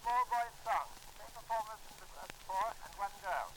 small boys song. Same performers at the four and one girl.